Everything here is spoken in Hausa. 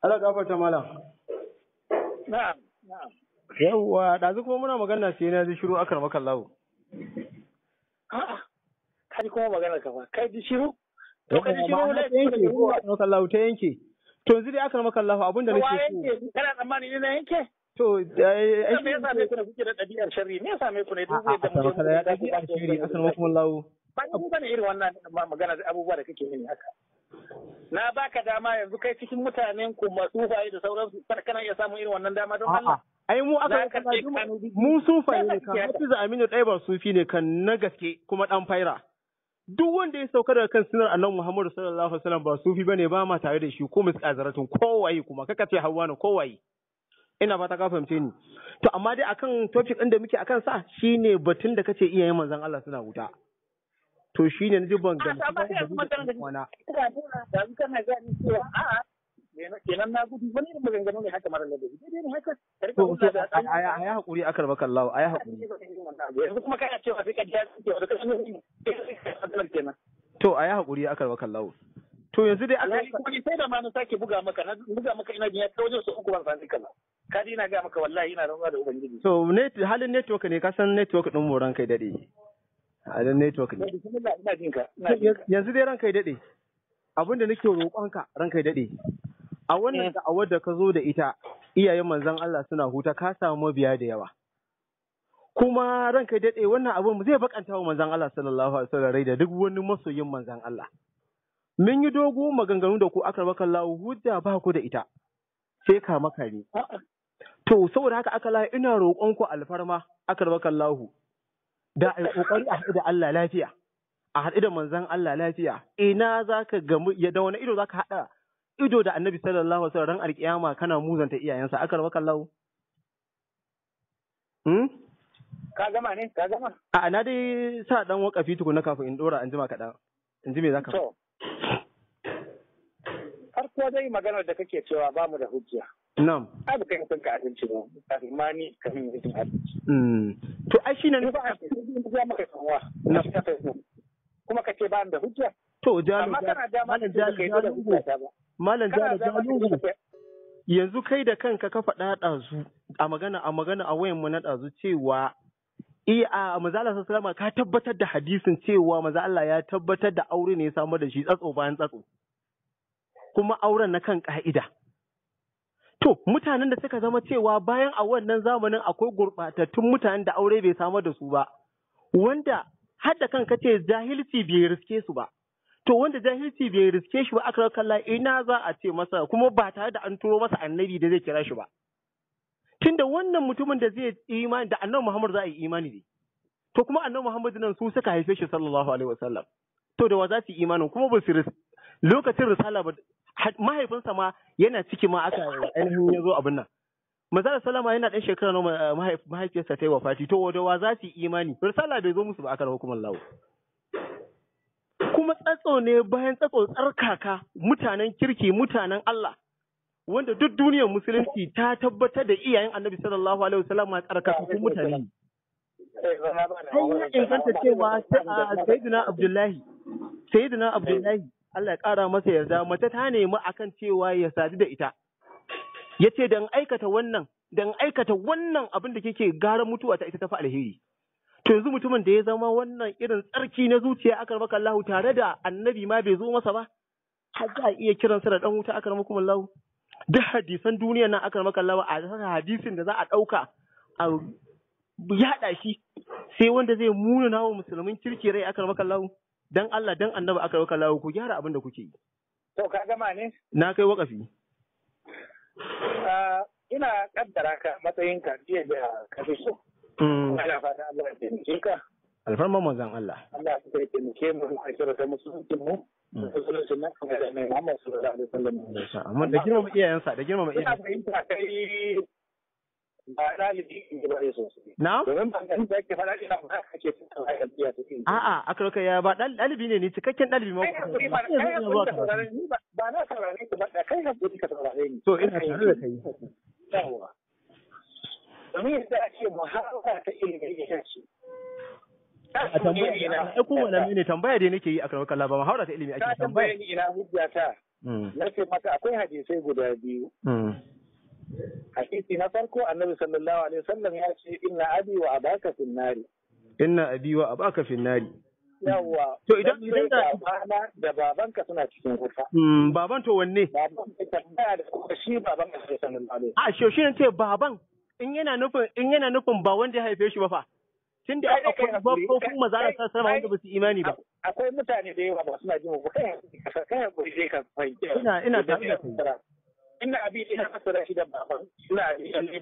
Allah gafarta malam. Na'am, na'am. Yawwa, ɗazu kuma muna magana sai na ji shiru akar maka lawo. A'a, ka kuma magana ka ba, ka ji shiru? To ka ji shiru da yanke ko maka lawo ta yanke. To yanzu dai akar maka lawo abin da nake so. Kana tsammani ne na yanke? To, ai eh, me eh, yasa me kuna kuke da ɗabi'ar sharri? Me yasa me kuna duk da mu da ɗabi'ar sharri akar maka lawo? Ba ni bane irin wannan magana da abubuwa da kake yi haka. na baka dama yanzu kai cikin mutanen ku fayi da sauransu kana iya samun irin wannan dama don Allah ai mu aka mu sufaye ne kan Hafizu Aminu dai ba sufi ne kan na gaske kuma dan faira duk wanda ya sauka daga kan sunar annabi Muhammadu sallallahu alaihi wasallam ba sufi bane ba ma tare da shi ko misqazaratun kowaye kuma kaka ce hawa ne kowaye ina fata ka fahimce ni to amma dai akan topic din da muke akan sa shine batun da kace iyayen manzon Allah suna wuta to shi ne ji ban gani ba da da kuma na ga ni cewa a kenan na to ya hakuri yanzu da ne aka yi sai da ma sake buga maka na buga maka ina jin ta su uku ban sani ka wallahi ina da ubangiji to ne network ne ka san network din moran kai dade a network ne yanzu dai ranka daɗe, abin da nake roƙonka ranka daɗe. a wannan eh. da'awar da ka zo da ita iyayen manzan Allah suna huta ka samu mabiya da yawa kuma ranka daɗe, wannan abin zai bakanta wa manzan Allah sallallahu alaihi wasallam rai da duk wani masoyin manzan Allah mun yi dogo maganganu da ku aka baka lawo hujja ba ku da ita sai ka ne. to saboda haka aka la ina roƙon ku alfarma aka baka lahu da a kokari a haɗu da Allah lafiya a haɗu da manzon Allah lafiya ina zaka gamu ya da wani ido zaka haɗa ido da annabi sallallahu alaihi wasallam alkiyama kana muzanta iyayensa aka waka kallahu hmm? ka gama ne ka gama a na dai sa dan wakafi tukuna kafin in dora an jima kaɗan in ji me zaka to kuma maganar da kake cewa ba mu da hujja. Nam. Ai ba kai sun ka abinci ba, kafin ma ni kafin mutum abinci. Mm. To ai shi nan. Ba a ce ya maka sanwa. Na. Kuma ka ce ba da hujja. To jalo. Amma kana dama da kai jalo jalo. Yanzu kai da kanka ka faɗa ɗazu a magana a magana a wayan mu na ɗazu cewa eh, a maza Allah ka tabbatar da hadisin cewa maza Allah ya tabbatar da aure ne ya samar da shi tsatso bayan tsatso. kuma auren na kan ƙa'ida. To, mutanen da suka zama cewa bayan a wannan zamanin akwai gurɓatattun mutanen da aure bai samar da su ba, wanda har da kanka ce jahilci bai riske su ba. To, wanda jahilci bai riske shi ba aka kalla ina za a ce masa kuma ba tare da an turo masa annabi da zai kira shi ba. Tun da wannan mutumin da zai imani da annabi Muhammad za a yi imani ne. To kuma annabi Muhammad nan su suka haife shi sallallahu alaihi wasallam. To da wa za su yi imanin kuma ba su lokacin risala mahaifinsa ma yana ciki ma aka ainihin ya zo abin nan Maza da Salama yana ɗan shekara na eh, mahaifiyarsa ta yi wafati to wa za su yi imani risala bai zo musu ba akan hukumar lawo kuma tsatso ne bayan tsatso tsarkaka mutanen kirki mutanen Allah wanda duk duniyar musulunci ta tabbatar da iyayen annabi sallallahu alaihi wasallam a kuma mutane har ya inganta cewa eh, sayyidina Abdullahi sayyidina Abdullahi Allah ya ƙara masa yarda mace ta nemi akan cewa ya sadu da ita ya ce dan aikata wannan dan aikata wannan abin da kike gara mutuwa ta ita ta fa alheri to yanzu mutumin da ya zama wannan irin tsarki na zuciya aka maka Allah tare da annabi ma bai zo masa ba har za a iya kiransa da dan wuta aka maka Allah duk hadisan duniya nan aka maka Allah a saka hadisin da za a dauka a yaɗa shi sai wanda zai muna wa musulmin kirki rai aka maka Allah dan Allah dan annabi aka rauka lawo ku gyara abin da kuke yi. To ka gama ne? Na kai wakafi. Ah, ina kaddara ka matsayin ka jiya da ka fi so. Mm. Ina fata Allah ya taimake ka. Alfarman manzon Allah. Allah ya taimake mu a shirya musulunci mu. Mm. Amma da girmama iyayensa da girmama iyayensa. Ina fahimta kai ba ɗalibi in ji ba ba da ina ba ka A'a, a ɗalibi ne cikakken ɗalibi ma. Kai hakuri ba saurare ni ba na saurare ba kai hakuri ka saurare ni. To ina tare da kai. ake muhawara ta ce. a tambaya ai nake yi a karbar kallaba ma haura ta ake tambaya tambaya ni ina hujjata hmm. na ce maka akwai hadisai guda biyu hmm. hakiki na farko annabi sallallahu alaihi wasallam ya ce inna abi wa abaka fin nari inna abi wa abaka fin nari yawwa to idan idan da bana da babanka suna cikin wuta mm baban to wanne baban tambaya da kuma shi baban sallallahu alaihi a shi shi ce baban in yana nufin in yana nufin ba wanda ya haife shi ba fa tun da akwai babbobin maza da sa sama wanda ba su imani ba. Akwai mutane da yawa ba suna jin ba kai kai hakuri dai ka fahimci. Ina ina da kai. إن أبي لها مسألة إذا ما أخذ